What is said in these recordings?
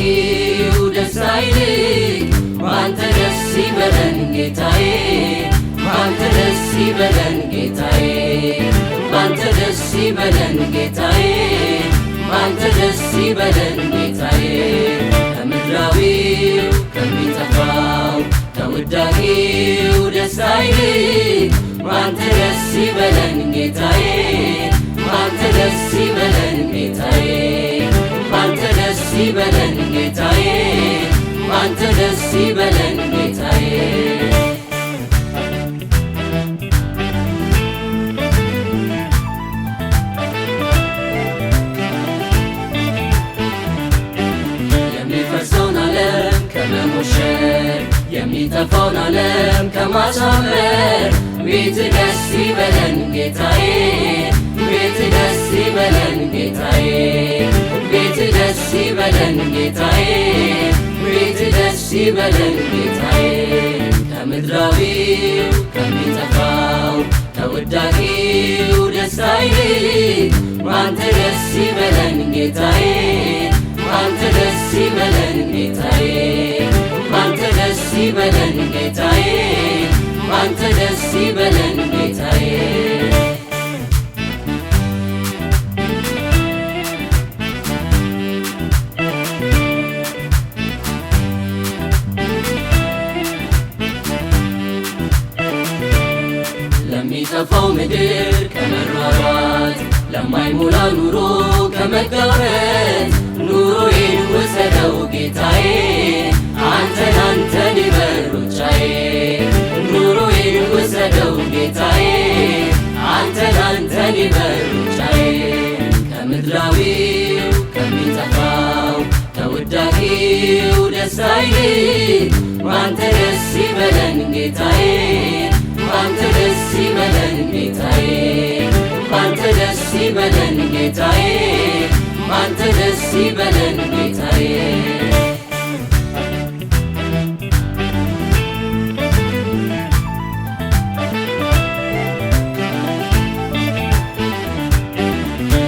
በባሲው ደስ አይልክ ባንተ ደስ ይበለን ጌታዬ ባንተ ደስ ይበለን ጌታዬ ባንተ ደስ ይበለን ጌታዬ ባንተ ደስ ይበለን ጌታዬ ከምድራዊው ከሚጠፋው ከውዳጌው ደስ አይልክ ባንተ ደስ ይበለን ጌታዬ ባንተ ደስ ይበለን ጌታዬ ባንተ ሲበለን ጌታዬ ባንተ ደስ ይበለን ጌታዬ የሚፈርሰውን ዓለም ከመሞሸር የሚጠፋውን ዓለም ከማሳመር ቤት ደስ ይበለን ጌታዬ ቤት ደስ ይበለን ጌታዬ ይበለን ጌታዬ ቤት ደስ ይበለን ጌታዬ ከምድራዊው ከሚጠፋው ከውዳቂው ደስታ ይልቅ ባንተ ደስ ይበለን ጌታዬ ባንተ ደስ ይበለን ጌታዬ ባንተ ደስ ይበለን ጌታዬ ባንተ ደስ ይበለን ጌታዬ ከሚጠፋው ምድር ከመራራት ለማይሞላ ኑሮ ከመጋፈት ኑሮዬን ወሰደው ጌታዬ አንተን አንተን ኑሮዬን ጌታዬ አንተን አንተን ከምድራዊው ከሚጠፋው ከውዳቂው ባንተ ደስ ይበለን ጌታዬ ባንተ ደስ ይበለን ጌታዬ፣ ባንተ ደስ ይበለን ጌታዬ፣ ባንተ ደስ ይበለን ጌታዬ።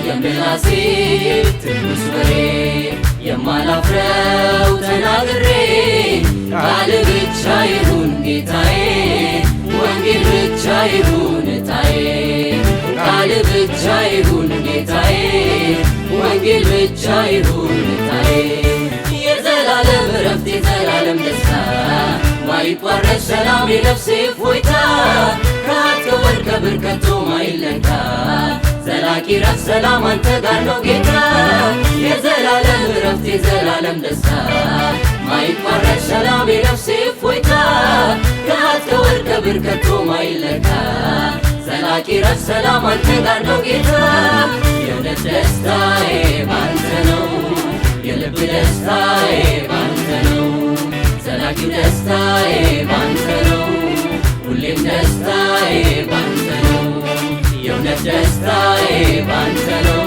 የምላሴ ትኩስ ወሬ የማላፍረው ተናግሬ ቃል ብቻ ይሁን ጌታዬ ወንጌል ብቻ ይሁን እጣዬ፣ ቃል ብቻ ይሁን ጌታዬ፣ ወንጌል ብቻ ይሁን እጣዬ። የዘላለም ረፍት የዘላለም ደስታ ማይቋረጥ ሰላም የነፍሴ እፎይታ ከሀብት ከወርቅ ከብርከቱ ማይለካ ዘላቂ ረፍት ሰላም አንተ ጋር ነው ጌታ የዘላለም ረፍት የዘላለም ደስታ ማይቋረጥ ሰላም የነፍሴ ከወርቅ ከብር ከቶ ማይለካ ዘላቂ ረፍት ሰላም አንተ ጋር ነው ጌታ። የእውነት ደስታዬ ባንተ ነው፣ የልብ ደስታዬ ባንተ ነው፣ ዘላቂው ደስታዬ ባንተ ነው፣ ሁሌም ደስታዬ ባንተ ነው፣ የእውነት ደስታዬ ባንተ ነው።